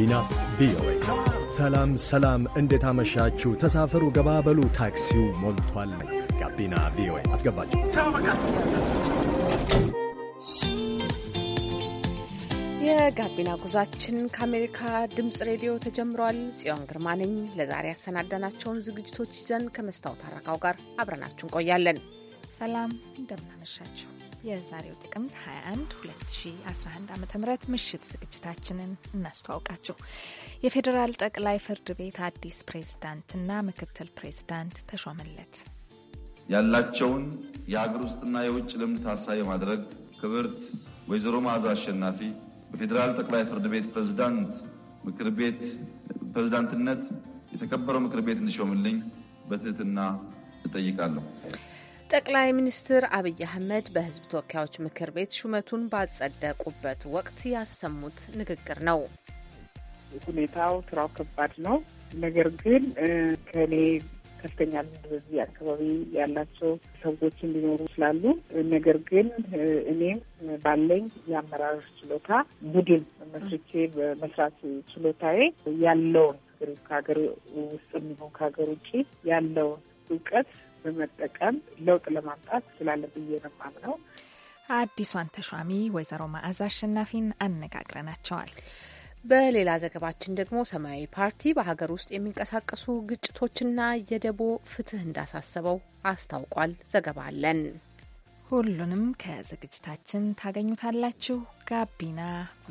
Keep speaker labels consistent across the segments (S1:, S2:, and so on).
S1: ጋቢና ቪኦኤ። ሰላም ሰላም፣ እንዴት አመሻችሁ? ተሳፈሩ፣ ገባበሉ፣ ታክሲው ሞልቷል። ጋቢና ቪኦኤ አስገባችሁ።
S2: የጋቢና ጉዟችን ከአሜሪካ ድምፅ ሬዲዮ ተጀምሯል። ጽዮን ግርማ ነኝ። ለዛሬ ያሰናዳናቸውን ዝግጅቶች ይዘን ከመስታወት አረጋው ጋር አብረናችሁ
S3: እንቆያለን። ሰላም፣ እንደምናመሻችሁ የዛሬው ጥቅምት 21 2011 ዓ ም ምሽት ዝግጅታችንን እናስተዋውቃችሁ። የፌዴራል ጠቅላይ ፍርድ ቤት አዲስ ፕሬዝዳንትና ምክትል ፕሬዝዳንት ተሾመለት።
S4: ያላቸውን የሀገር ውስጥና የውጭ ልምድ ታሳቢ ማድረግ ክብርት ወይዘሮ መዓዛ አሸናፊ በፌዴራል ጠቅላይ ፍርድ ቤት ፕሬዝዳንት ምክር ቤት ፕሬዝዳንትነት የተከበረው ምክር ቤት እንዲሾምልኝ በትህትና እጠይቃለሁ።
S2: ጠቅላይ ሚኒስትር አብይ አህመድ በህዝብ ተወካዮች ምክር ቤት ሹመቱን ባጸደቁበት
S5: ወቅት ያሰሙት ንግግር ነው። ሁኔታው ስራው ከባድ ነው። ነገር ግን ከኔ ከፍተኛ ልምድ በዚህ አካባቢ ያላቸው ሰዎች እንዲኖሩ ስላሉ፣ ነገር ግን እኔም ባለኝ የአመራር ችሎታ ቡድን መስርቼ በመስራት ችሎታዬ ያለውን ከሀገር ውስጥ የሚሆን ከሀገር ውጭ ያለውን እውቀት በመጠቀም ለውጥ ለማምጣት ስላለ ብዬ ነው
S3: አዲሷን ተሿሚ ወይዘሮ መዓዛ አሸናፊን አነጋግረናቸዋል። በሌላ ዘገባችን ደግሞ ሰማያዊ ፓርቲ
S2: በሀገር ውስጥ የሚንቀሳቀሱ ግጭቶችና የደቦ ፍትህ እንዳሳሰበው አስታውቋል።
S3: ዘገባ አለን። ሁሉንም ከዝግጅታችን ታገኙታላችሁ። ጋቢና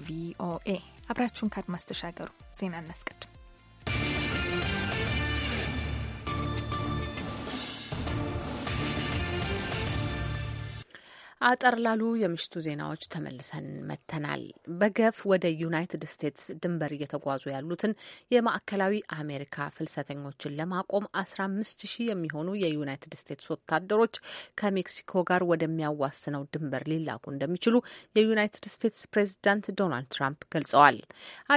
S3: ቪኦኤ አብራችሁን ካድማስ ተሻገሩ። ዜና እናስቀድም።
S2: አጠር ላሉ የምሽቱ ዜናዎች ተመልሰን መጥተናል። በገፍ ወደ ዩናይትድ ስቴትስ ድንበር እየተጓዙ ያሉትን የማዕከላዊ አሜሪካ ፍልሰተኞችን ለማቆም አስራ አምስት ሺህ የሚሆኑ የዩናይትድ ስቴትስ ወታደሮች ከሜክሲኮ ጋር ወደሚያዋስነው ድንበር ሊላኩ እንደሚችሉ የዩናይትድ ስቴትስ ፕሬዚዳንት ዶናልድ ትራምፕ ገልጸዋል።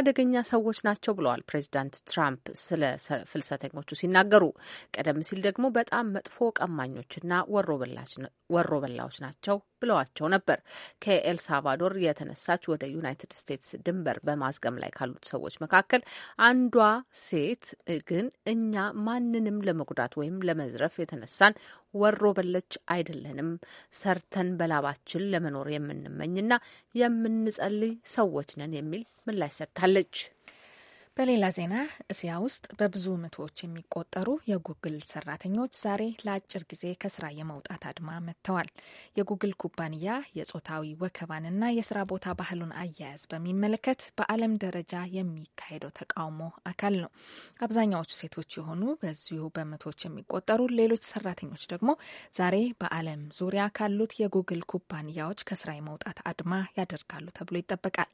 S2: አደገኛ ሰዎች ናቸው ብለዋል ፕሬዚዳንት ትራምፕ ስለ ፍልሰተኞቹ ሲናገሩ። ቀደም ሲል ደግሞ በጣም መጥፎ ቀማኞችና ወሮ በላዎች ናቸው ብለዋቸው ነበር። ከኤልሳልቫዶር የተነሳች ወደ ዩናይትድ ስቴትስ ድንበር በማዝገም ላይ ካሉት ሰዎች መካከል አንዷ ሴት ግን እኛ ማንንም ለመጉዳት ወይም ለመዝረፍ የተነሳን ወሮ በለች አይደለንም፣ ሰርተን በላባችን ለመኖር የምንመኝና የምንጸልይ ሰዎች ነን የሚል ምላሽ ሰጥታለች። በሌላ
S3: ዜና እስያ ውስጥ በብዙ መቶዎች የሚቆጠሩ የጉግል ሰራተኞች ዛሬ ለአጭር ጊዜ ከስራ የመውጣት አድማ መጥተዋል። የጉግል ኩባንያ የጾታዊ ወከባንና የስራ ቦታ ባህሉን አያያዝ በሚመለከት በዓለም ደረጃ የሚካሄደው ተቃውሞ አካል ነው። አብዛኛዎቹ ሴቶች የሆኑ በዚሁ በመቶዎች የሚቆጠሩ ሌሎች ሰራተኞች ደግሞ ዛሬ በዓለም ዙሪያ ካሉት የጉግል ኩባንያዎች ከስራ የመውጣት አድማ ያደርጋሉ ተብሎ ይጠበቃል።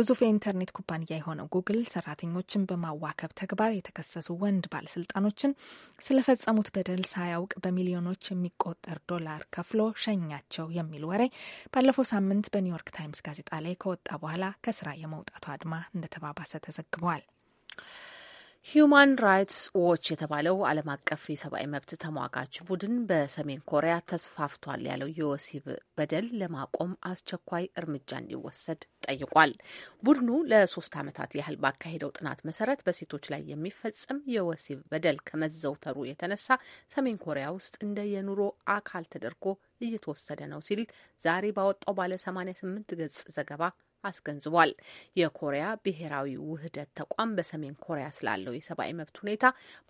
S3: ግዙፍ የኢንተርኔት ኩባንያ የሆነው ጉግል ሰራተኞች ባለስልጣኖችን በማዋከብ ተግባር የተከሰሱ ወንድ ባለስልጣኖችን ስለፈጸሙት በደል ሳያውቅ በሚሊዮኖች የሚቆጠር ዶላር ከፍሎ ሸኛቸው የሚል ወሬ ባለፈው ሳምንት በኒውዮርክ ታይምስ ጋዜጣ ላይ ከወጣ በኋላ ከስራ የመውጣቱ አድማ እንደተባባሰ ተዘግቧል።
S2: ሂዩማን ራይትስ ዎች የተባለው ዓለም አቀፍ የሰብአዊ መብት ተሟጋች ቡድን በሰሜን ኮሪያ ተስፋፍቷል ያለው የወሲብ በደል ለማቆም አስቸኳይ እርምጃ እንዲወሰድ ጠይቋል። ቡድኑ ለሶስት ዓመታት ያህል ባካሄደው ጥናት መሰረት በሴቶች ላይ የሚፈጸም የወሲብ በደል ከመዘውተሩ የተነሳ ሰሜን ኮሪያ ውስጥ እንደ የኑሮ አካል ተደርጎ እየተወሰደ ነው ሲል ዛሬ ባወጣው ባለ 88 ገጽ ዘገባ አስገንዝቧል። የኮሪያ ብሔራዊ ውህደት ተቋም በሰሜን ኮሪያ ስላለው የሰብአዊ መብት ሁኔታ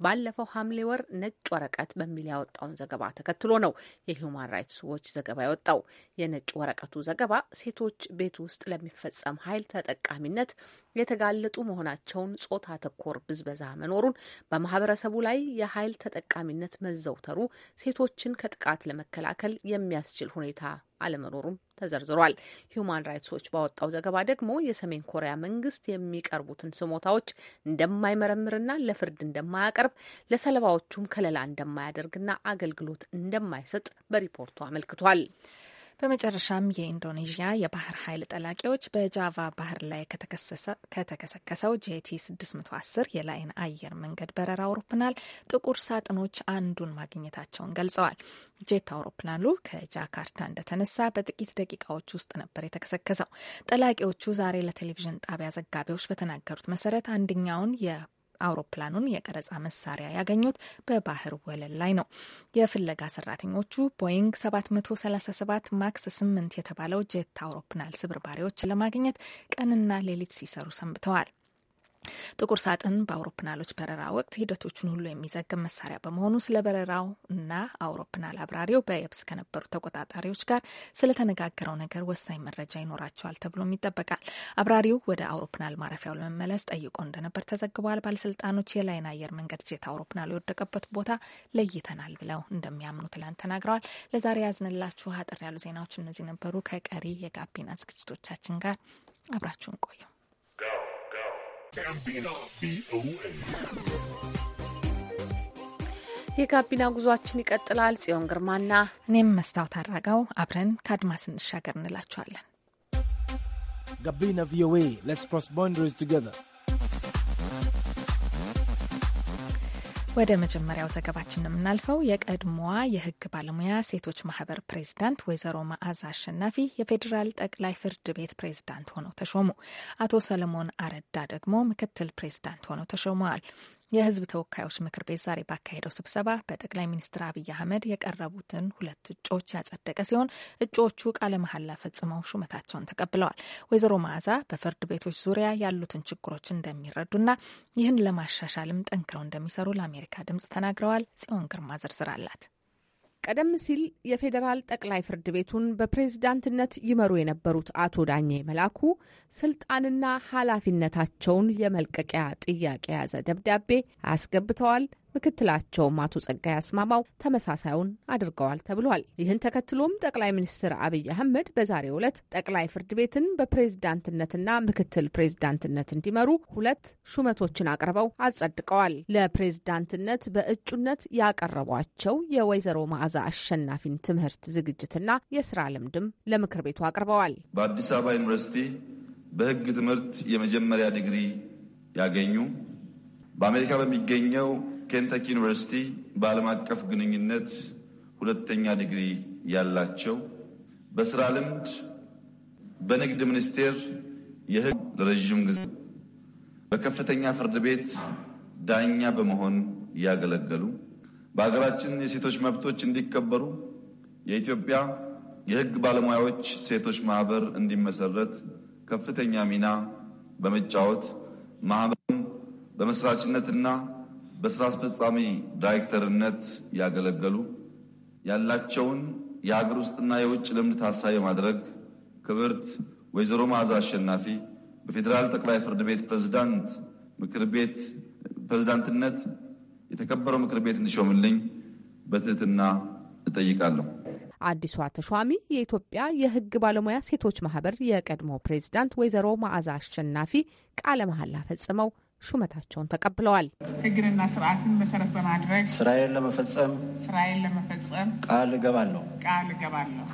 S2: ባለፈው ሐምሌ ወር ነጭ ወረቀት በሚል ያወጣውን ዘገባ ተከትሎ ነው የሁማን ራይትስ ዎች ዘገባ ያወጣው። የነጭ ወረቀቱ ዘገባ ሴቶች ቤት ውስጥ ለሚፈጸም ኃይል ተጠቃሚነት የተጋለጡ መሆናቸውን፣ ጾታ ተኮር ብዝበዛ መኖሩን፣ በማህበረሰቡ ላይ የኃይል ተጠቃሚነት መዘውተሩ ሴቶችን ከጥቃት ለመከላከል የሚያስችል ሁኔታ አለመኖሩም ተዘርዝሯል። ሂዩማን ራይትስ ዎች ባወጣው ዘገባ ደግሞ የሰሜን ኮሪያ መንግስት የሚቀርቡትን ስሞታዎች እንደማይመረምርና ለፍርድ እንደማያቀርብ ለሰለባዎቹም ከለላ እንደማያደርግና አገልግሎት እንደማይሰጥ
S3: በሪፖርቱ አመልክቷል። በመጨረሻም የኢንዶኔዥያ የባህር ኃይል ጠላቂዎች በጃቫ ባህር ላይ ከተከሰከሰው ጄቲ 610 የላይን አየር መንገድ በረራ አውሮፕላን ጥቁር ሳጥኖች አንዱን ማግኘታቸውን ገልጸዋል። ጄት አውሮፕላኑ ከጃካርታ እንደተነሳ በጥቂት ደቂቃዎች ውስጥ ነበር የተከሰከሰው። ጠላቂዎቹ ዛሬ ለቴሌቪዥን ጣቢያ ዘጋቢዎች በተናገሩት መሰረት አንደኛውን የ አውሮፕላኑን የቀረጻ መሳሪያ ያገኙት በባህር ወለል ላይ ነው። የፍለጋ ሰራተኞቹ ቦይንግ 737 ማክስ 8 የተባለው ጄት አውሮፕላን ስብርባሪዎች ለማግኘት ቀንና ሌሊት ሲሰሩ ሰንብተዋል። ጥቁር ሳጥን በአውሮፕላኖች በረራ ወቅት ሂደቶችን ሁሉ የሚዘግብ መሳሪያ በመሆኑ ስለ በረራው እና አውሮፕላን አብራሪው በየብስ ከነበሩ ተቆጣጣሪዎች ጋር ስለተነጋገረው ነገር ወሳኝ መረጃ ይኖራቸዋል ተብሎም ይጠበቃል። አብራሪው ወደ አውሮፕላን ማረፊያው ለመመለስ ጠይቆ እንደነበር ተዘግቧል። ባለስልጣኖች የላይን አየር መንገድ ጄት አውሮፕላኑ የወደቀበት ቦታ ለይተናል ብለው እንደሚያምኑ ትላንት ተናግረዋል። ለዛሬ ያዝንላችሁ አጠር ያሉ ዜናዎች እነዚህ ነበሩ። ከቀሪ የጋቢና ዝግጅቶቻችን ጋር አብራችሁን ቆዩ።
S5: ጋቢና ቪኦኤ
S2: የጋቢና ጉዟችን ይቀጥላል። ጽዮን ግርማና
S3: እኔም መስታወት አድራጋው አብረን ከአድማስ እንሻገር እንላችኋለን።
S6: ጋቢና ቪኦኤ ሌትስ ክሮስ ቦንደሪስ ቱጌዘር
S3: ወደ መጀመሪያው ዘገባችን የምናልፈው የቀድሞዋ የሕግ ባለሙያ ሴቶች ማህበር ፕሬዝዳንት ወይዘሮ መዓዛ አሸናፊ የፌዴራል ጠቅላይ ፍርድ ቤት ፕሬዝዳንት ሆነው ተሾሙ። አቶ ሰለሞን አረዳ ደግሞ ምክትል ፕሬዝዳንት ሆነው ተሾመዋል። የህዝብ ተወካዮች ምክር ቤት ዛሬ ባካሄደው ስብሰባ በጠቅላይ ሚኒስትር አብይ አህመድ የቀረቡትን ሁለት እጩዎች ያጸደቀ ሲሆን እጩዎቹ ቃለ መሐላ ፈጽመው ሹመታቸውን ተቀብለዋል። ወይዘሮ መዓዛ በፍርድ ቤቶች ዙሪያ ያሉትን ችግሮች እንደሚረዱና ይህን ለማሻሻልም ጠንክረው እንደሚሰሩ ለአሜሪካ ድምጽ ተናግረዋል። ጽዮን ግርማ ዝርዝር አላት። ቀደም
S2: ሲል የፌዴራል ጠቅላይ ፍርድ ቤቱን በፕሬዝዳንትነት ይመሩ የነበሩት አቶ ዳኜ መላኩ ስልጣንና ኃላፊነታቸውን የመልቀቂያ ጥያቄ የያዘ ደብዳቤ አስገብተዋል። ምክትላቸውም አቶ ጸጋይ አስማማው ተመሳሳዩን አድርገዋል ተብሏል። ይህን ተከትሎም ጠቅላይ ሚኒስትር አብይ አህመድ በዛሬው ዕለት ጠቅላይ ፍርድ ቤትን በፕሬዝዳንትነትና ምክትል ፕሬዝዳንትነት እንዲመሩ ሁለት ሹመቶችን አቅርበው አጸድቀዋል። ለፕሬዝዳንትነት በእጩነት ያቀረቧቸው የወይዘሮ መዓዛ አሸናፊን ትምህርት ዝግጅትና የስራ ልምድም ለምክር ቤቱ አቅርበዋል።
S4: በአዲስ አበባ ዩኒቨርሲቲ በህግ ትምህርት የመጀመሪያ ዲግሪ ያገኙ በአሜሪካ በሚገኘው ኬንታኪ ዩኒቨርሲቲ በዓለም አቀፍ ግንኙነት ሁለተኛ ዲግሪ ያላቸው በስራ ልምድ በንግድ ሚኒስቴር የህግ ለረዥም ጊዜ በከፍተኛ ፍርድ ቤት ዳኛ በመሆን ያገለገሉ በሀገራችን የሴቶች መብቶች እንዲከበሩ የኢትዮጵያ የህግ ባለሙያዎች ሴቶች ማህበር እንዲመሰረት ከፍተኛ ሚና በመጫወት ማህበሩን በመስራችነትና በስራ አስፈጻሚ ዳይሬክተርነት ያገለገሉ ያላቸውን የሀገር ውስጥና የውጭ ልምድ ታሳቢ በማድረግ ክብርት ወይዘሮ መዓዛ አሸናፊ በፌዴራል ጠቅላይ ፍርድ ቤት ፕሬዝዳንት ምክር ቤት ፕሬዝዳንትነት የተከበረው ምክር ቤት እንዲሾምልኝ በትህትና እጠይቃለሁ።
S2: አዲሷ ተሿሚ የኢትዮጵያ የሕግ ባለሙያ ሴቶች ማህበር የቀድሞ ፕሬዝዳንት ወይዘሮ መዓዛ አሸናፊ ቃለ መሐላ ፈጽመው ሹመታቸውን ተቀብለዋል።
S5: ህግንና ስርዓትን መሰረት በማድረግ ስራዬን ለመፈጸም ስራዬን ለመፈጸም ቃል እገባለሁ ቃል እገባለሁ።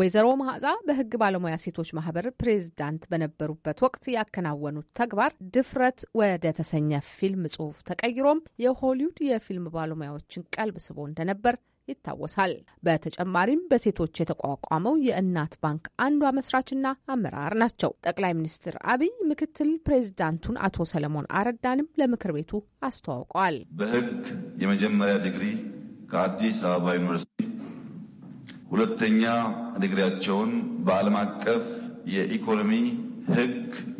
S2: ወይዘሮ መዓዛ በህግ ባለሙያ ሴቶች ማህበር ፕሬዝዳንት በነበሩበት ወቅት ያከናወኑት ተግባር ድፍረት ወደ ተሰኘ ፊልም ጽሁፍ ተቀይሮም የሆሊውድ የፊልም ባለሙያዎችን ቀልብ ስቦ እንደነበር ይታወሳል። በተጨማሪም በሴቶች የተቋቋመው የእናት ባንክ አንዷ መስራችና አመራር ናቸው። ጠቅላይ ሚኒስትር አብይ ምክትል ፕሬዚዳንቱን አቶ ሰለሞን አረዳንም ለምክር ቤቱ አስተዋውቀዋል። በህግ
S4: የመጀመሪያ ዲግሪ ከአዲስ አበባ ዩኒቨርሲቲ ሁለተኛ ዲግሪያቸውን በዓለም አቀፍ የኢኮኖሚ ህግ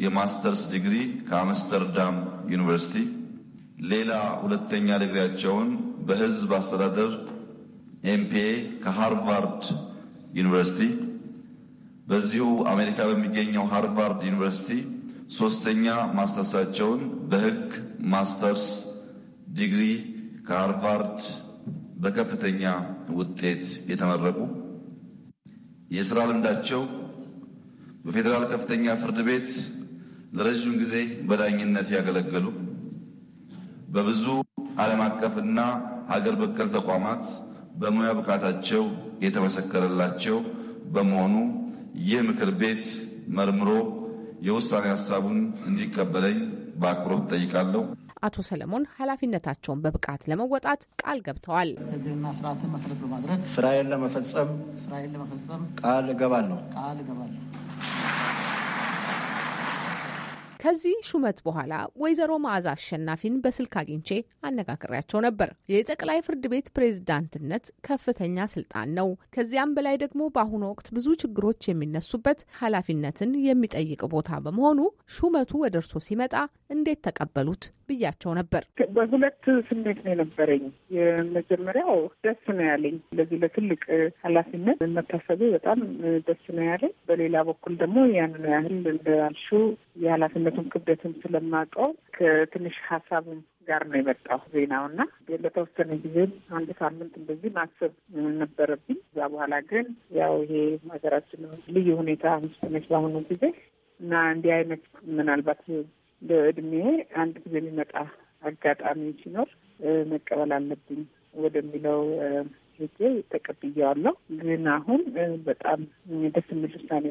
S4: የማስተርስ ዲግሪ ከአምስተርዳም ዩኒቨርሲቲ ሌላ ሁለተኛ ዲግሪያቸውን በህዝብ አስተዳደር ኤምፒኤ ከሃርቫርድ ዩኒቨርሲቲ በዚሁ አሜሪካ በሚገኘው ሃርቫርድ ዩኒቨርሲቲ ሶስተኛ ማስተርሳቸውን በህግ ማስተርስ ዲግሪ ከሃርቫርድ በከፍተኛ ውጤት የተመረቁ የስራ ልምዳቸው በፌዴራል ከፍተኛ ፍርድ ቤት ለረዥም ጊዜ በዳኝነት ያገለገሉ በብዙ ዓለም አቀፍና ሀገር በቀል ተቋማት በሙያ ብቃታቸው የተመሰከረላቸው በመሆኑ ይህ ምክር ቤት መርምሮ የውሳኔ ሀሳቡን እንዲቀበለኝ በአክብሮት እጠይቃለሁ።
S2: አቶ ሰለሞን ኃላፊነታቸውን በብቃት ለመወጣት ቃል ገብተዋል። ሕግንና ስርዓትን
S4: መሰረት በማድረግ ስራዬን ለመፈጸም ቃል እገባለሁ።
S2: ከዚህ ሹመት በኋላ ወይዘሮ መዓዛ አሸናፊን በስልክ አግኝቼ አነጋግሬያቸው ነበር። የጠቅላይ ፍርድ ቤት ፕሬዝዳንትነት ከፍተኛ ስልጣን ነው። ከዚያም በላይ ደግሞ በአሁኑ ወቅት ብዙ ችግሮች የሚነሱበት ኃላፊነትን የሚጠይቅ ቦታ በመሆኑ ሹመቱ ወደ እርሶ ሲመጣ እንዴት ተቀበሉት ብያቸው ነበር። በሁለት
S5: ስሜት ነው የነበረኝ። የመጀመሪያው ደስ ነው ያለኝ፣ ለዚህ ለትልቅ ኃላፊነት መታሰቤ በጣም ደስ ነው ያለኝ። በሌላ በኩል ደግሞ ያንን ያህል እንዳልሹ የኃላፊነት ምክንያቱም ክብደትም ስለማውቀው ከትንሽ ሀሳብም ጋር ነው የመጣው ዜናው እና ለተወሰነ ጊዜም አንድ ሳምንት እንደዚህ ማሰብ ነበረብኝ። እዛ በኋላ ግን ያው ይሄ ሀገራችን ልዩ ሁኔታ ስነች በአሁኑ ጊዜ እና እንዲህ አይነት ምናልባት በእድሜ አንድ ጊዜ የሚመጣ አጋጣሚ ሲኖር መቀበል አለብኝ ወደሚለው ሄጄ ተቀብያዋለሁ። ግን አሁን በጣም ደስ የሚል ውሳኔ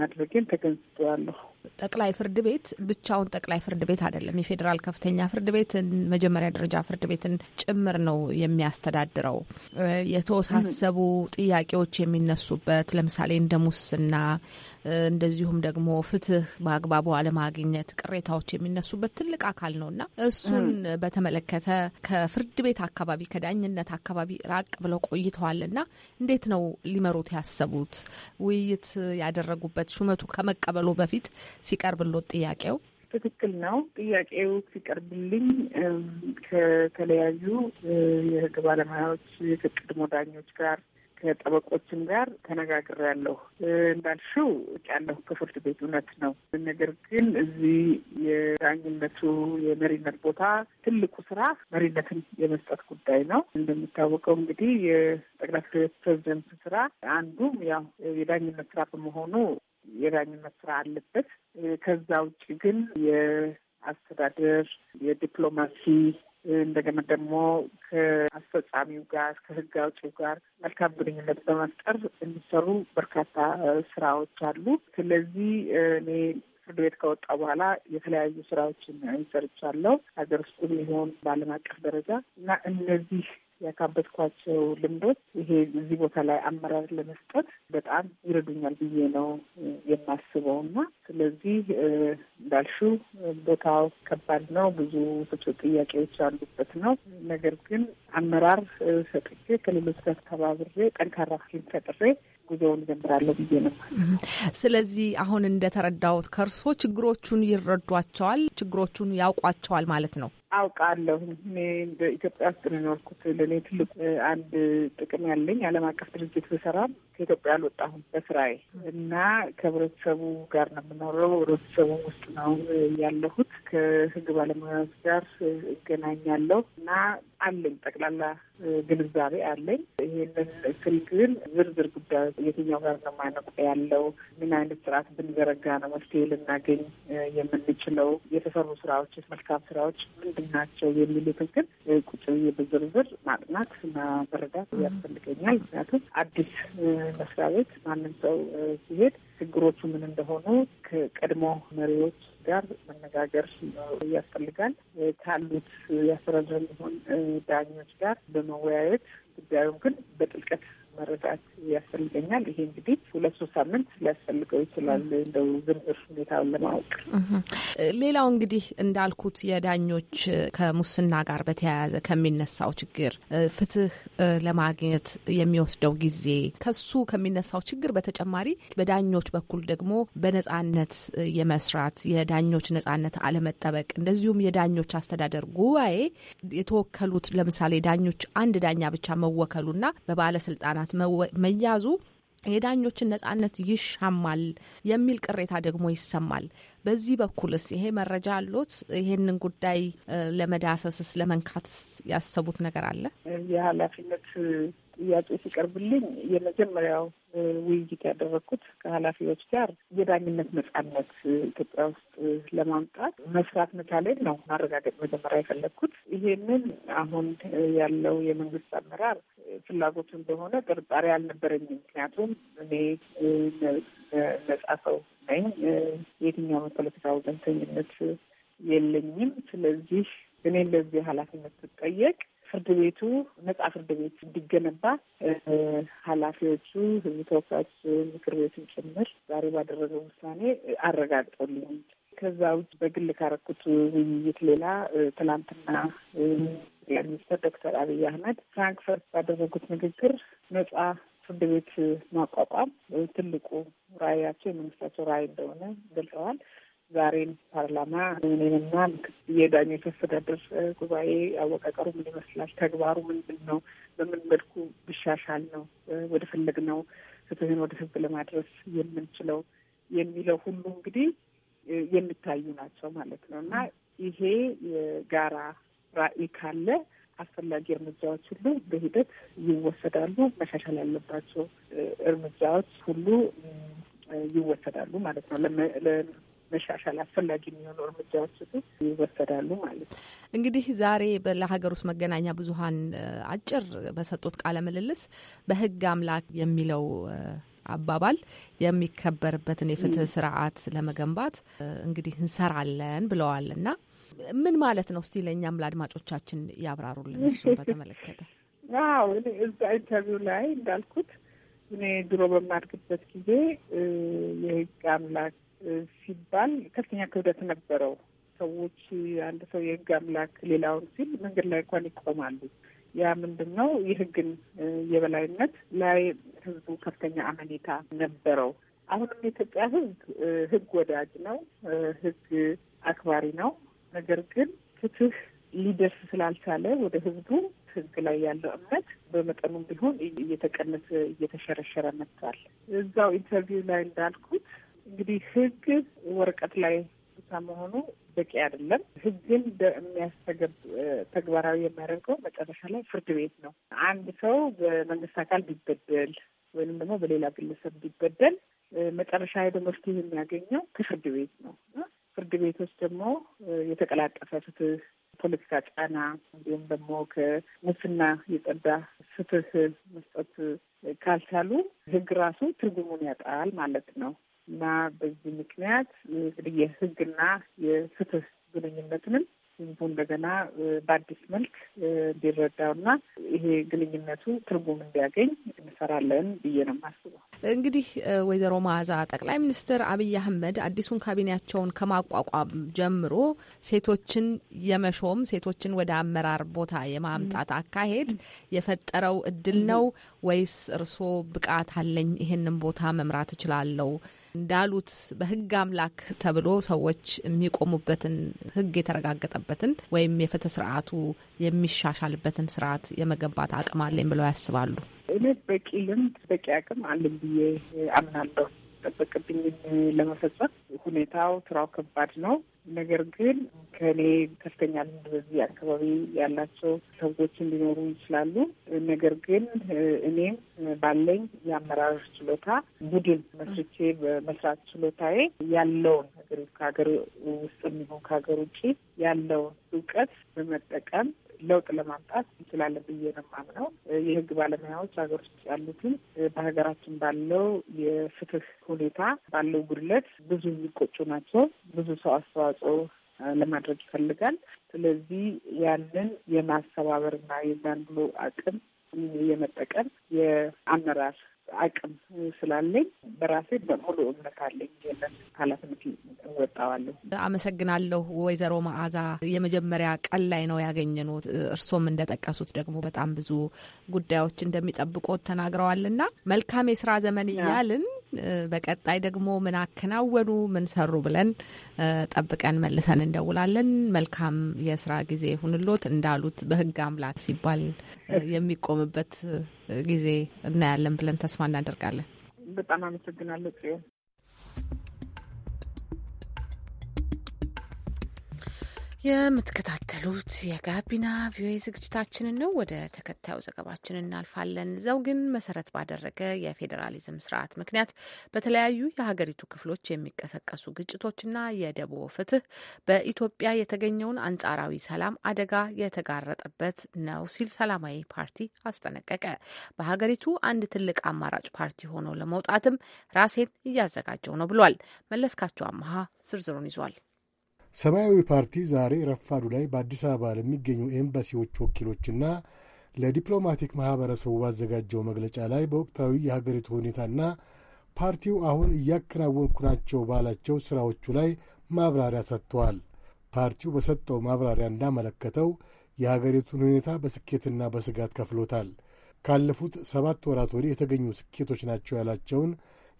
S5: ማድረጌን ተገንዝቤዋለሁ።
S2: ጠቅላይ ፍርድ ቤት ብቻውን ጠቅላይ ፍርድ ቤት አይደለም። የፌዴራል ከፍተኛ ፍርድ ቤትን፣ መጀመሪያ ደረጃ ፍርድ ቤትን ጭምር ነው የሚያስተዳድረው። የተወሳሰቡ ጥያቄዎች የሚነሱበት ለምሳሌ እንደ ሙስና፣ እንደዚሁም ደግሞ ፍትህ በአግባቡ አለማግኘት፣ ቅሬታዎች የሚነሱበት ትልቅ አካል ነው እና እሱን በተመለከተ ከፍርድ ቤት አካባቢ ከዳኝነት አካባቢ ራቅ ብለው ቆይተዋል እና እንዴት ነው ሊመሩት ያሰቡት? ውይይት ያደረጉበት ሹመቱ ከመቀበሉ በፊት ሲቀርብሎት ጥያቄው?
S5: ትክክል ነው። ጥያቄው ሲቀርብልኝ ከተለያዩ የህግ ባለሙያዎች፣ የቀድሞ ዳኞች ጋር ከጠበቆችም ጋር ተነጋግሬያለሁ። እንዳልሽው ያለሁ ከፍርድ ቤት እውነት ነው። ነገር ግን እዚህ የዳኝነቱ የመሪነት ቦታ ትልቁ ስራ መሪነትን የመስጠት ጉዳይ ነው። እንደሚታወቀው እንግዲህ የጠቅላይ ፍርድ ቤት ፕሬዚደንት ስራ አንዱም ያው የዳኝነት ስራ በመሆኑ የዳኝነት ስራ አለበት። ከዛ ውጭ ግን የአስተዳደር የዲፕሎማሲ እንደገና ደግሞ ከአስፈጻሚው ጋር ከህግ አውጪው ጋር መልካም ግንኙነት በመፍጠር የሚሰሩ በርካታ ስራዎች አሉ። ስለዚህ እኔ ፍርድ ቤት ከወጣ በኋላ የተለያዩ ስራዎችን ሰርቻለሁ፣ ሀገር ውስጥ ሊሆን በዓለም አቀፍ ደረጃ እና እነዚህ ያካበትኳቸው ልምዶች ይሄ እዚህ ቦታ ላይ አመራር ለመስጠት በጣም ይረዱኛል ብዬ ነው የማስበው እና ስለዚህ እንዳልሹ ቦታው ከባድ ነው፣ ብዙ ስብስብ ጥያቄዎች ያሉበት ነው። ነገር ግን አመራር ሰጥቼ ከሌሎች ጋር ተባብሬ ጠንካራ ፊልም ፈጥሬ ጉዞውን ጀምራለሁ ብዬ ነው።
S2: ስለዚህ አሁን እንደተረዳሁት ከእርሶ ችግሮቹን ይረዷቸዋል፣ ችግሮቹን ያውቋቸዋል ማለት
S5: ነው። አውቃለሁ። እኔ በኢትዮጵያ ውስጥ ነው የኖርኩት። ለእኔ ትልቁ አንድ ጥቅም ያለኝ ዓለም አቀፍ ድርጅት ብሰራም ከኢትዮጵያ አልወጣሁም በስራዬ እና ከህብረተሰቡ ጋር ነው የምኖረው። ህብረተሰቡ ውስጥ ነው ያለሁት። ከህግ ባለሙያዎች ጋር እገናኛለሁ እና አለኝ ጠቅላላ ግንዛቤ አለኝ። ይህንን ስል ግን ዝርዝር ጉዳዮች የትኛው ጋር ነው ማነቆ ያለው፣ ምን አይነት ስርዓት ብንዘረጋ ነው መፍትሄ ልናገኝ የምንችለው፣ የተሰሩ ስራዎች፣ መልካም ስራዎች ምንድን ናቸው የሚሉትን ግን ቁጭ ብዬ በዝርዝር ማጥናት እና መረዳት ያስፈልገኛል። ምክንያቱም አዲስ መስሪያ ቤት ማንም ሰው ሲሄድ ችግሮቹ ምን እንደሆኑ ከቀድሞ መሪዎች ጋር መነጋገር ያስፈልጋል። ካሉት ያስተዳደር የሚሆን ዳኞች ጋር በመወያየት ጉዳዩም ግን በጥልቀት መረዳት ያስፈልገኛል። ይሄ እንግዲህ ሁለት ሶስት ሳምንት ሊያስፈልገው ይችላል እንደው ዝርዝር ሁኔታውን ለማወቅ።
S2: ሌላው እንግዲህ እንዳልኩት የዳኞች ከሙስና ጋር በተያያዘ ከሚነሳው ችግር ፍትህ ለማግኘት የሚወስደው ጊዜ ከሱ ከሚነሳው ችግር በተጨማሪ በዳኞች በኩል ደግሞ በነጻነት የመስራት የዳኞች ነጻነት አለመጠበቅ፣ እንደዚሁም የዳኞች አስተዳደር ጉባኤ የተወከሉት ለምሳሌ ዳኞች አንድ ዳኛ ብቻ መወከሉና በባለስልጣናት ሕጻናት መያዙ የዳኞችን ነጻነት ይሻማል የሚል ቅሬታ ደግሞ ይሰማል። በዚህ በኩልስ ይሄ መረጃ አሉት? ይሄንን ጉዳይ ለመዳሰስስ ለመንካትስ ያሰቡት ነገር አለ?
S5: የኃላፊነት ጥያቄ ሲቀርብልኝ የመጀመሪያው ውይይት ያደረግኩት ከኃላፊዎች ጋር የዳኝነት ነጻነት ኢትዮጵያ ውስጥ ለማምጣት መስራት መቻሌን ነው ማረጋገጥ መጀመሪያ የፈለግኩት። ይሄንን አሁን ያለው የመንግስት አመራር ፍላጎቱ እንደሆነ ጥርጣሬ አልነበረኝም። ምክንያቱም እኔ ነጻ ሰው ነኝ። የትኛውን ፖለቲካ ወገንተኝነት የለኝም። ስለዚህ እኔ እንደዚህ ኃላፊነት ስጠየቅ ፍርድ ቤቱ ነጻ ፍርድ ቤት እንዲገነባ ኃላፊዎቹ ህዝብ ተወካዮች ምክር ቤቱን ጭምር ዛሬ ባደረገው ውሳኔ አረጋግጦልኝ ከዛ ውጭ በግል ካረኩት ውይይት ሌላ ትናንትና ጠቅላይ ሚኒስትር ዶክተር አብይ አህመድ ፍራንክፈርት ባደረጉት ንግግር ነጻ ፍርድ ቤት ማቋቋም ትልቁ ራዕያቸው የመንግስታቸው ራዕይ እንደሆነ ገልጸዋል። ዛሬም ፓርላማ ምንምና የዳኞ አስተዳደር ጉባኤ አወቃቀሩ ምን ይመስላል፣ ተግባሩ ምንድን ነው፣ በምን መልኩ ብሻሻል ነው ወደ ነው ፍትህን ወደ ህዝብ ለማድረስ የምንችለው የሚለው ሁሉ እንግዲህ የሚታዩ ናቸው ማለት ነው እና ይሄ የጋራ ራዕይ ካለ አስፈላጊ እርምጃዎች ሁሉ በሂደት ይወሰዳሉ። መሻሻል ያለባቸው እርምጃዎች ሁሉ ይወሰዳሉ ማለት ነው። መሻሻል አስፈላጊ የሚሆኑ እርምጃዎች ይወሰዳሉ ማለት ነው።
S2: እንግዲህ ዛሬ ለሀገር ውስጥ መገናኛ ብዙኃን አጭር በሰጡት ቃለ ምልልስ በህግ አምላክ የሚለው አባባል የሚከበርበትን የፍትህ ስርዓት ለመገንባት እንግዲህ እንሰራለን ብለዋል እና ምን ማለት ነው? እስቲ ለእኛም ለአድማጮቻችን ያብራሩልን እሱን በተመለከተ።
S5: አዎ እኔ እዛ ኢንተርቪው ላይ እንዳልኩት እኔ ድሮ በማድግበት ጊዜ የህግ አምላክ ሲባል ከፍተኛ ክብደት ነበረው። ሰዎች አንድ ሰው የህግ አምላክ ሌላውን ሲል መንገድ ላይ እንኳን ይቆማሉ። ያ ምንድን ነው? የህግን የበላይነት ላይ ህዝቡ ከፍተኛ አመኔታ ነበረው። አሁንም የኢትዮጵያ ህዝብ ህግ ወዳጅ ነው፣ ህግ አክባሪ ነው። ነገር ግን ፍትህ ሊደርስ ስላልቻለ ወደ ህዝቡ ህግ ላይ ያለው እምነት በመጠኑም ቢሆን እየተቀነሰ እየተሸረሸረ መጥቷል። እዛው ኢንተርቪው ላይ እንዳልኩት እንግዲህ ህግ ወረቀት ላይ ብቻ መሆኑ በቂ አይደለም። ህግን በሚያስተገብ ተግባራዊ የሚያደርገው መጨረሻ ላይ ፍርድ ቤት ነው። አንድ ሰው በመንግስት አካል ቢበደል ወይንም ደግሞ በሌላ ግለሰብ ቢበደል መጨረሻ ላይ መፍትሄ የሚያገኘው ከፍርድ ቤት ነው። ፍርድ ቤቶች ደግሞ የተቀላጠፈ ፍትህ፣ ፖለቲካ ጫና እንዲሁም ደግሞ ከሙስና የጸዳ ፍትህ መስጠት ካልቻሉ ህግ ራሱ ትርጉሙን ያጣል ማለት ነው። እና በዚህ ምክንያት እንግዲህ የህግና የፍትህ ግንኙነትንም ህዝቡ እንደገና በአዲስ መልክ እንዲረዳውና ይሄ ግንኙነቱ ትርጉም እንዲያገኝ እንሰራለን ብዬ ነው የማስበው።
S2: እንግዲህ ወይዘሮ መዓዛ ጠቅላይ ሚኒስትር አብይ አህመድ አዲሱን ካቢኔያቸውን ከማቋቋም ጀምሮ ሴቶችን የመሾም ሴቶችን ወደ አመራር ቦታ የማምጣት አካሄድ የፈጠረው እድል ነው ወይስ እርስዎ ብቃት አለኝ ይሄንን ቦታ መምራት እችላለሁ እንዳሉት በህግ አምላክ ተብሎ ሰዎች የሚቆሙበትን ህግ የተረጋገጠበትን ወይም የፍትህ ስርዓቱ የሚሻሻልበትን ስርዓት የመገንባት አቅም አለኝ ብለው ያስባሉ?
S5: እኔ በቂ ልምድ በቂ አቅም አለኝ ብዬ አምናለሁ። የሚጠበቅብኝን ለመፈጸም ሁኔታው ስራው ከባድ ነው። ነገር ግን ከእኔ ከፍተኛ ልምድ በዚህ አካባቢ ያላቸው ሰዎች ሊኖሩ ይችላሉ። ነገር ግን እኔም ባለኝ የአመራር ችሎታ ቡድን መስርቼ በመስራት ችሎታዬ ያለውን ሀገር ከሀገር ውስጥ የሚሆን ከሀገር ውጭ ያለውን እውቀት በመጠቀም ለውጥ ለማምጣት እንችላለን ብዬ ነው የማምነው። የህግ ባለሙያዎች ሀገር ውስጥ ያሉትን በሀገራችን ባለው የፍትህ ሁኔታ ባለው ጉድለት ብዙ የሚቆጩ ናቸው። ብዙ ሰው አስተዋጽኦ ለማድረግ ይፈልጋል። ስለዚህ ያንን የማስተባበርና የዛን ብሎ አቅም የመጠቀም የአመራር አቅም ስላለኝ በራሴ በሙሉ እምነት አለኝ። ይሄንን ኃላፊነት እወጣዋለሁ።
S2: አመሰግናለሁ ወይዘሮ መዓዛ። የመጀመሪያ ቀን ላይ ነው ያገኘኑት። እርስዎም እንደጠቀሱት ደግሞ በጣም ብዙ ጉዳዮች እንደሚጠብቆት ተናግረዋልና መልካም የስራ ዘመን እያልን በቀጣይ ደግሞ ምን አከናወኑ፣ ምን ሰሩ ብለን ጠብቀን መልሰን እንደውላለን። መልካም የስራ ጊዜ ሁንሎት እንዳሉት በህግ አምላክ ሲባል የሚቆምበት ጊዜ እናያለን ብለን ተስፋ እናደርጋለን።
S5: በጣም አመሰግናለሁ ጽዮን።
S2: የምትከታተሉት የጋቢና ቪኦኤ ዝግጅታችንን ነው። ወደ ተከታዩ ዘገባችን እናልፋለን። ግን መሰረት ባደረገ የፌዴራሊዝም ስርዓት ምክንያት በተለያዩ የሀገሪቱ ክፍሎች የሚቀሰቀሱ ግጭቶችና የደቦ ፍትህ በኢትዮጵያ የተገኘውን አንጻራዊ ሰላም አደጋ የተጋረጠበት ነው ሲል ሰላማዊ ፓርቲ አስጠነቀቀ። በሀገሪቱ አንድ ትልቅ አማራጭ ፓርቲ ሆኖ ለመውጣትም ራሴን እያዘጋጀው ነው ብሏል። መለስካቸው አመሀ ዝርዝሩን ይዟል።
S1: ሰማያዊ ፓርቲ ዛሬ ረፋዱ ላይ በአዲስ አበባ ለሚገኙ ኤምባሲዎች ወኪሎችና ለዲፕሎማቲክ ማኅበረሰቡ ባዘጋጀው መግለጫ ላይ በወቅታዊ የሀገሪቱ ሁኔታና ፓርቲው አሁን እያከናወንኩ ናቸው ባላቸው ሥራዎቹ ላይ ማብራሪያ ሰጥተዋል። ፓርቲው በሰጠው ማብራሪያ እንዳመለከተው የሀገሪቱን ሁኔታ በስኬትና በስጋት ከፍሎታል። ካለፉት ሰባት ወራት ወዲህ የተገኙ ስኬቶች ናቸው ያላቸውን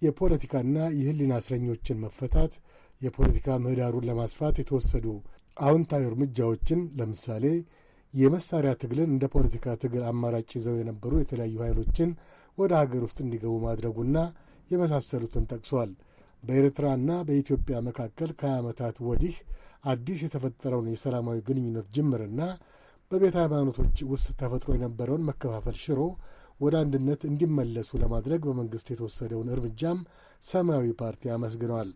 S1: የፖለቲካና የሕሊና እስረኞችን መፈታት የፖለቲካ ምህዳሩን ለማስፋት የተወሰዱ አዎንታዊ እርምጃዎችን ለምሳሌ የመሳሪያ ትግልን እንደ ፖለቲካ ትግል አማራጭ ይዘው የነበሩ የተለያዩ ኃይሎችን ወደ ሀገር ውስጥ እንዲገቡ ማድረጉና የመሳሰሉትን ጠቅሷል። በኤርትራና በኢትዮጵያ መካከል ከሀያ ዓመታት ወዲህ አዲስ የተፈጠረውን የሰላማዊ ግንኙነት ጅምርና በቤተ ሃይማኖቶች ውስጥ ተፈጥሮ የነበረውን መከፋፈል ሽሮ ወደ አንድነት እንዲመለሱ ለማድረግ በመንግሥት የተወሰደውን እርምጃም ሰማያዊ ፓርቲ አመስግነዋል።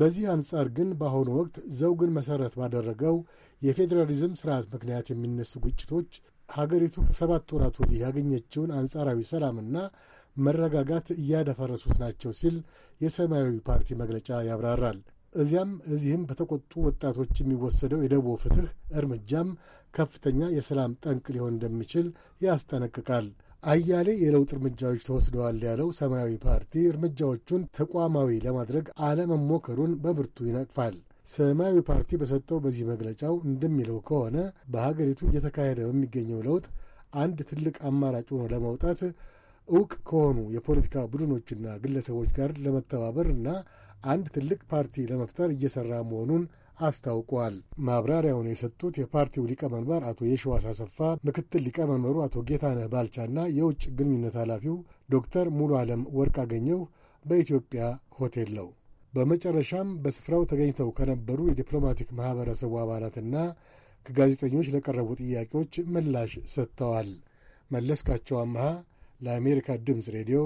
S1: በዚህ አንጻር ግን በአሁኑ ወቅት ዘውግን መሠረት ባደረገው የፌዴራሊዝም ስርዓት ምክንያት የሚነሱ ግጭቶች ሀገሪቱ ከሰባት ወራት ወዲህ ያገኘችውን አንጻራዊ ሰላምና መረጋጋት እያደፈረሱት ናቸው ሲል የሰማያዊ ፓርቲ መግለጫ ያብራራል። እዚያም እዚህም በተቆጡ ወጣቶች የሚወሰደው የደቦ ፍትህ እርምጃም ከፍተኛ የሰላም ጠንቅ ሊሆን እንደሚችል ያስጠነቅቃል። አያሌ የለውጥ እርምጃዎች ተወስደዋል ያለው ሰማያዊ ፓርቲ እርምጃዎቹን ተቋማዊ ለማድረግ አለመሞከሩን በብርቱ ይነቅፋል። ሰማያዊ ፓርቲ በሰጠው በዚህ መግለጫው እንደሚለው ከሆነ በሀገሪቱ እየተካሄደ በሚገኘው ለውጥ አንድ ትልቅ አማራጭ ሆኖ ለማውጣት እውቅ ከሆኑ የፖለቲካ ቡድኖችና ግለሰቦች ጋር ለመተባበር እና አንድ ትልቅ ፓርቲ ለመፍጠር እየሰራ መሆኑን አስታውቋል። ማብራሪያውን የሰጡት የፓርቲው ሊቀመንበር አቶ የሸዋስ አሰፋ፣ ምክትል ሊቀመንበሩ አቶ ጌታነህ ባልቻና የውጭ ግንኙነት ኃላፊው ዶክተር ሙሉ ዓለም ወርቅ አገኘው በኢትዮጵያ ሆቴል ነው። በመጨረሻም በስፍራው ተገኝተው ከነበሩ የዲፕሎማቲክ ማኅበረሰቡ አባላትና ከጋዜጠኞች ለቀረቡ ጥያቄዎች ምላሽ ሰጥተዋል። መለስካቸው አምሃ ለአሜሪካ ድምፅ ሬዲዮ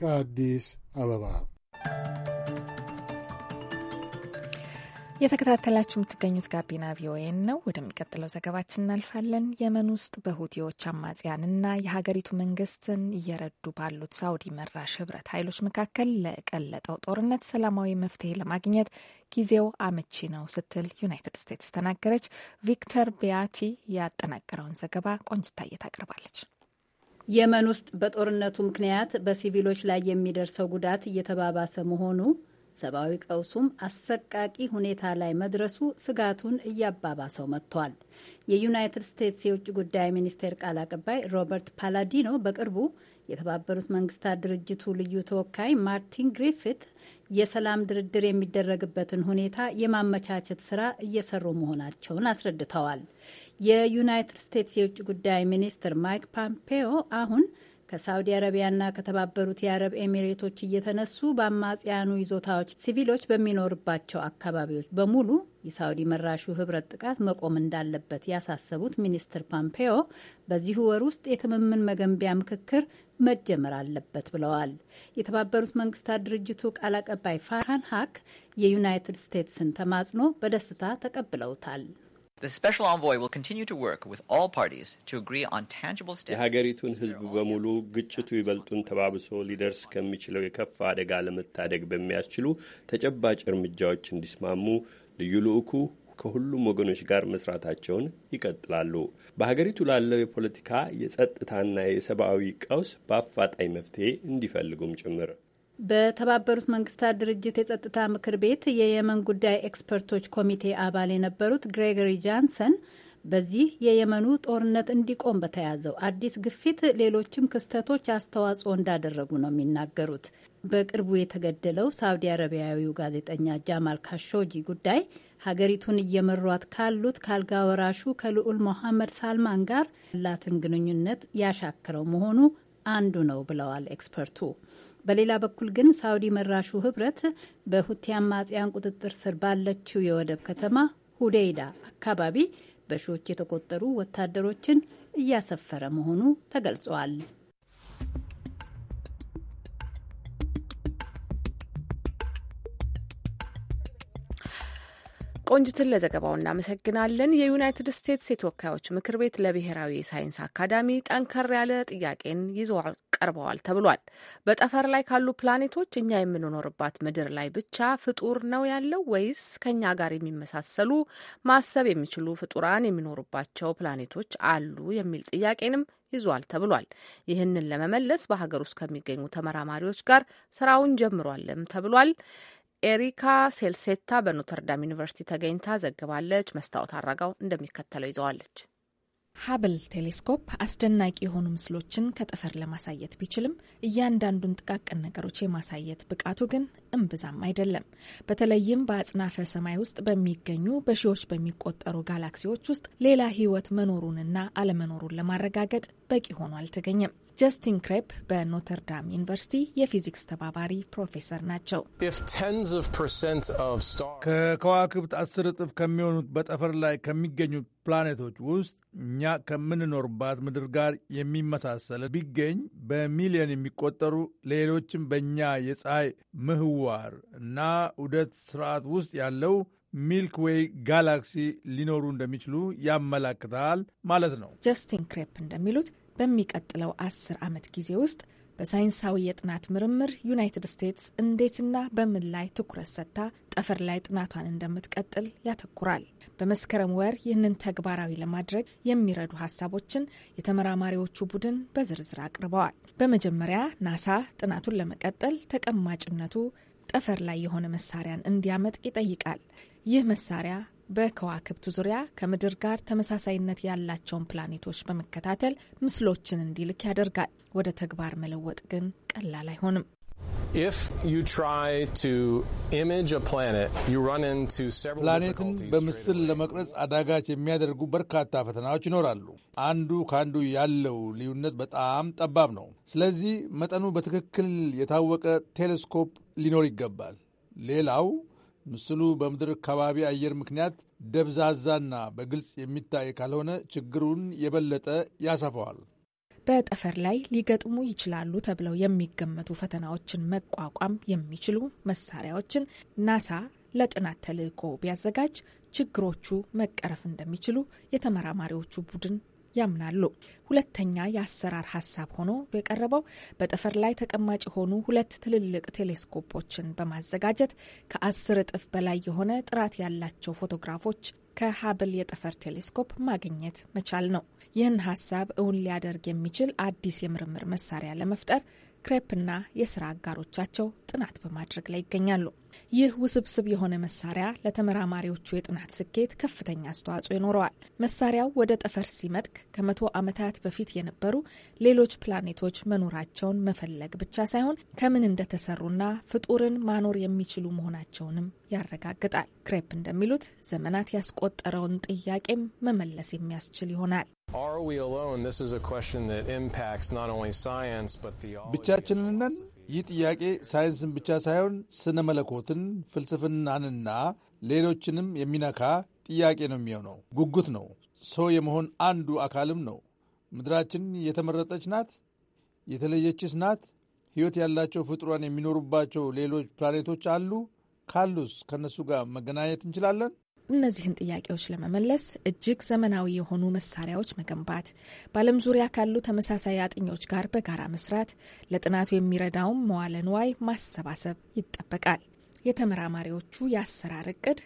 S1: ከአዲስ አበባ
S3: እየተከታተላችሁ የምትገኙት ጋቢና ቪኦኤን ነው። ወደሚቀጥለው ዘገባችን እናልፋለን። የመን ውስጥ በሁቲዎች አማጽያንና የሀገሪቱ መንግስትን እየረዱ ባሉት ሳውዲ መራሽ ህብረት ኃይሎች መካከል ለቀለጠው ጦርነት ሰላማዊ መፍትሄ ለማግኘት ጊዜው አመቺ ነው ስትል ዩናይትድ ስቴትስ ተናገረች። ቪክተር ቢያቲ ያጠናቀረውን ዘገባ ቆንጅታየ ታቀርባለች።
S7: የመን ውስጥ በጦርነቱ ምክንያት በሲቪሎች ላይ የሚደርሰው ጉዳት እየተባባሰ መሆኑ ሰብአዊ ቀውሱም አሰቃቂ ሁኔታ ላይ መድረሱ ስጋቱን እያባባሰው መጥቷል። የዩናይትድ ስቴትስ የውጭ ጉዳይ ሚኒስቴር ቃል አቀባይ ሮበርት ፓላዲኖ በቅርቡ የተባበሩት መንግስታት ድርጅቱ ልዩ ተወካይ ማርቲን ግሪፊት የሰላም ድርድር የሚደረግበትን ሁኔታ የማመቻቸት ስራ እየሰሩ መሆናቸውን አስረድተዋል። የዩናይትድ ስቴትስ የውጭ ጉዳይ ሚኒስትር ማይክ ፖምፔዮ አሁን ከሳውዲ አረቢያና ከተባበሩት የአረብ ኤሚሬቶች እየተነሱ በአማጽያኑ ይዞታዎች ሲቪሎች በሚኖርባቸው አካባቢዎች በሙሉ የሳውዲ መራሹ ህብረት ጥቃት መቆም እንዳለበት ያሳሰቡት ሚኒስትር ፖምፔዮ በዚሁ ወር ውስጥ የትምምን መገንቢያ ምክክር መጀመር አለበት ብለዋል። የተባበሩት መንግስታት ድርጅቱ ቃል አቀባይ ፋርሃን ሀክ የዩናይትድ ስቴትስን ተማጽኖ በደስታ ተቀብለውታል።
S4: The special envoy will continue to work with all parties to agree on tangible steps. የሀገሪቱን ሕዝብ በሙሉ ግጭቱ ይበልጡን
S1: ተባብሶ ሊደርስ ከሚችለው የከፋ አደጋ ለመታደግ በሚያስችሉ ተጨባጭ እርምጃዎች እንዲስማሙ ልዩ ልዑኩ ከሁሉም ወገኖች ጋር መስራታቸውን ይቀጥላሉ። በሀገሪቱ ላለው የፖለቲካ የጸጥታና የሰብአዊ ቀውስ በአፋጣኝ መፍትሄ እንዲፈልጉም ጭምር
S7: በተባበሩት መንግስታት ድርጅት የጸጥታ ምክር ቤት የየመን ጉዳይ ኤክስፐርቶች ኮሚቴ አባል የነበሩት ግሬጎሪ ጃንሰን በዚህ የየመኑ ጦርነት እንዲቆም በተያዘው አዲስ ግፊት ሌሎችም ክስተቶች አስተዋጽኦ እንዳደረጉ ነው የሚናገሩት። በቅርቡ የተገደለው ሳውዲ አረቢያዊው ጋዜጠኛ ጃማል ካሾጂ ጉዳይ ሀገሪቱን እየመሯት ካሉት ካልጋ ወራሹ ከልዑል ሞሐመድ ሳልማን ጋር ላትን ግንኙነት ያሻከረው መሆኑ አንዱ ነው ብለዋል ኤክስፐርቱ። በሌላ በኩል ግን ሳውዲ መራሹ ህብረት በሁቲ አማጽያን ቁጥጥር ስር ባለችው የወደብ ከተማ ሁዴይዳ አካባቢ በሺዎች የተቆጠሩ ወታደሮችን እያሰፈረ መሆኑ ተገልጿል።
S2: ቆንጅትን ለዘገባው እናመሰግናለን። የዩናይትድ ስቴትስ የተወካዮች ምክር ቤት ለብሔራዊ የሳይንስ አካዳሚ ጠንከር ያለ ጥያቄን ይዞ ቀርበዋል ተብሏል። በጠፈር ላይ ካሉ ፕላኔቶች እኛ የምንኖርባት ምድር ላይ ብቻ ፍጡር ነው ያለው ወይስ ከኛ ጋር የሚመሳሰሉ ማሰብ የሚችሉ ፍጡራን የሚኖሩባቸው ፕላኔቶች አሉ የሚል ጥያቄንም ይዟል ተብሏል። ይህንን ለመመለስ በሀገር ውስጥ ከሚገኙ ተመራማሪዎች ጋር ስራውን ጀምሯልም ተብሏል። ኤሪካ ሴልሴታ በኖተርዳም ዩኒቨርሲቲ ተገኝታ ዘግባለች። መስታወት አድራጋው እንደሚከተለው ይዘዋለች።
S3: ሀብል ቴሌስኮፕ አስደናቂ የሆኑ ምስሎችን ከጠፈር ለማሳየት ቢችልም እያንዳንዱን ጥቃቅን ነገሮች የማሳየት ብቃቱ ግን እምብዛም አይደለም። በተለይም በአጽናፈ ሰማይ ውስጥ በሚገኙ በሺዎች በሚቆጠሩ ጋላክሲዎች ውስጥ ሌላ ሕይወት መኖሩንና አለመኖሩን ለማረጋገጥ በቂ ሆኖ አልተገኘም። ጀስቲን ክሬፕ በኖተርዳም ዩኒቨርሲቲ የፊዚክስ ተባባሪ ፕሮፌሰር ናቸው።
S6: ከከዋክብት አስር እጥፍ ከሚሆኑት በጠፈር ላይ ከሚገኙት ፕላኔቶች ውስጥ እኛ ከምንኖርባት ምድር ጋር የሚመሳሰል ቢገኝ በሚሊዮን የሚቆጠሩ ሌሎችም በእኛ የፀሐይ ምህዋር እና ውደት ስርዓት ውስጥ ያለው ሚልክዌይ ጋላክሲ ሊኖሩ እንደሚችሉ ያመላክታል ማለት ነው።
S3: ጀስቲን ክሬፕ እንደሚሉት በሚቀጥለው አስር ዓመት ጊዜ ውስጥ በሳይንሳዊ የጥናት ምርምር ዩናይትድ ስቴትስ እንዴትና በምን ላይ ትኩረት ሰጥታ ጠፈር ላይ ጥናቷን እንደምትቀጥል ያተኩራል። በመስከረም ወር ይህንን ተግባራዊ ለማድረግ የሚረዱ ሀሳቦችን የተመራማሪዎቹ ቡድን በዝርዝር አቅርበዋል። በመጀመሪያ ናሳ ጥናቱን ለመቀጠል ተቀማጭነቱ ጠፈር ላይ የሆነ መሳሪያን እንዲያመጥቅ ይጠይቃል። ይህ መሳሪያ በከዋክብት ዙሪያ ከምድር ጋር ተመሳሳይነት ያላቸውን ፕላኔቶች በመከታተል ምስሎችን እንዲልክ ያደርጋል። ወደ ተግባር መለወጥ ግን ቀላል አይሆንም።
S6: ፕላኔትን በምስል ለመቅረጽ አዳጋች የሚያደርጉ በርካታ ፈተናዎች ይኖራሉ። አንዱ ከአንዱ ያለው ልዩነት በጣም ጠባብ ነው። ስለዚህ መጠኑ በትክክል የታወቀ ቴሌስኮፕ ሊኖር ይገባል። ሌላው ምስሉ በምድር ከባቢ አየር ምክንያት ደብዛዛና በግልጽ የሚታይ ካልሆነ ችግሩን የበለጠ ያሰፋዋል።
S3: በጠፈር ላይ ሊገጥሙ ይችላሉ ተብለው የሚገመቱ ፈተናዎችን መቋቋም የሚችሉ መሳሪያዎችን ናሳ ለጥናት ተልዕኮ ቢያዘጋጅ ችግሮቹ መቀረፍ እንደሚችሉ የተመራማሪዎቹ ቡድን ያምናሉ። ሁለተኛ የአሰራር ሀሳብ ሆኖ የቀረበው በጠፈር ላይ ተቀማጭ የሆኑ ሁለት ትልልቅ ቴሌስኮፖችን በማዘጋጀት ከአስር እጥፍ በላይ የሆነ ጥራት ያላቸው ፎቶግራፎች ከሀብል የጠፈር ቴሌስኮፕ ማግኘት መቻል ነው። ይህን ሀሳብ እውን ሊያደርግ የሚችል አዲስ የምርምር መሳሪያ ለመፍጠር ክሬፕና የስራ አጋሮቻቸው ጥናት በማድረግ ላይ ይገኛሉ። ይህ ውስብስብ የሆነ መሳሪያ ለተመራማሪዎቹ የጥናት ስኬት ከፍተኛ አስተዋጽኦ ይኖረዋል። መሳሪያው ወደ ጠፈር ሲመጥቅ ከመቶ ዓመታት በፊት የነበሩ ሌሎች ፕላኔቶች መኖራቸውን መፈለግ ብቻ ሳይሆን ከምን እንደተሰሩና ፍጡርን ማኖር የሚችሉ መሆናቸውንም ያረጋግጣል። ክሬፕ እንደሚሉት ዘመናት ያስቆጠረውን ጥያቄም መመለስ የሚያስችል
S6: ይሆናል። ብቻችንን ነን? ይህ ጥያቄ ሳይንስን ብቻ ሳይሆን ስነ መለኮትን፣ ፍልስፍናንና ሌሎችንም የሚነካ ጥያቄ ነው የሚሆነው። ጉጉት ነው። ሰው የመሆን አንዱ አካልም ነው። ምድራችን የተመረጠች ናት። የተለየችስ ናት። ሕይወት ያላቸው ፍጡራን የሚኖሩባቸው ሌሎች ፕላኔቶች አሉ። ካሉስ ከእነሱ ጋር መገናኘት እንችላለን?
S3: እነዚህን ጥያቄዎች ለመመለስ እጅግ ዘመናዊ የሆኑ መሳሪያዎች መገንባት፣ በዓለም ዙሪያ ካሉ ተመሳሳይ አጥኚዎች ጋር በጋራ መስራት፣ ለጥናቱ የሚረዳውን መዋለ ንዋይ ማሰባሰብ ይጠበቃል። የተመራማሪዎቹ የአሰራር እቅድ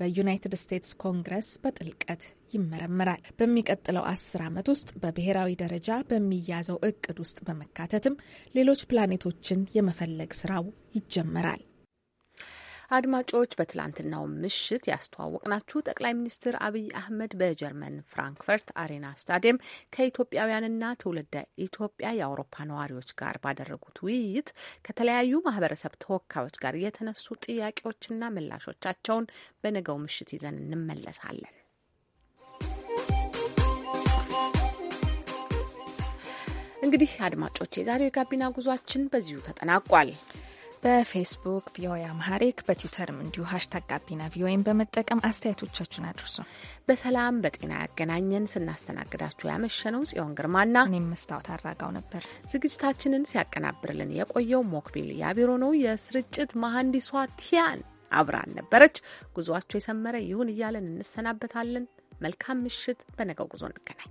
S3: በዩናይትድ ስቴትስ ኮንግረስ በጥልቀት ይመረመራል። በሚቀጥለው አስር ዓመት ውስጥ በብሔራዊ ደረጃ በሚያዘው እቅድ ውስጥ በመካተትም ሌሎች ፕላኔቶችን የመፈለግ ስራው ይጀመራል። አድማጮች
S2: በትላንትናው ምሽት ያስተዋወቅናችሁ ጠቅላይ ሚኒስትር አብይ አህመድ በጀርመን ፍራንክፈርት አሬና ስታዲየም ከኢትዮጵያውያንና ትውልደ ኢትዮጵያ የአውሮፓ ነዋሪዎች ጋር ባደረጉት ውይይት ከተለያዩ ማህበረሰብ ተወካዮች ጋር የተነሱ ጥያቄዎችና ምላሾቻቸውን በነገው ምሽት ይዘን እንመለሳለን።
S3: እንግዲህ አድማጮች የዛሬው የጋቢና ጉዟችን በዚሁ ተጠናቋል። በፌስቡክ ቪኦኤ አምሃሪክ በትዊተርም እንዲሁ ሀሽታግ ጋቢና ቪኦኤን በመጠቀም አስተያየቶቻችሁን አድርሱ። በሰላም በጤና ያገናኘን።
S2: ስናስተናግዳችሁ ያመሸነው ጽዮን ግርማና እኔም መስታወት አራጋው ነበር። ዝግጅታችንን ሲያቀናብርልን የቆየው ሞክቢል ያቢሮ ነው። የስርጭት መሐንዲሷ ቲያን አብራን ነበረች። ጉዟቸው የሰመረ ይሁን እያለን እንሰናበታለን። መልካም ምሽት። በነገው ጉዞ እንገናኝ።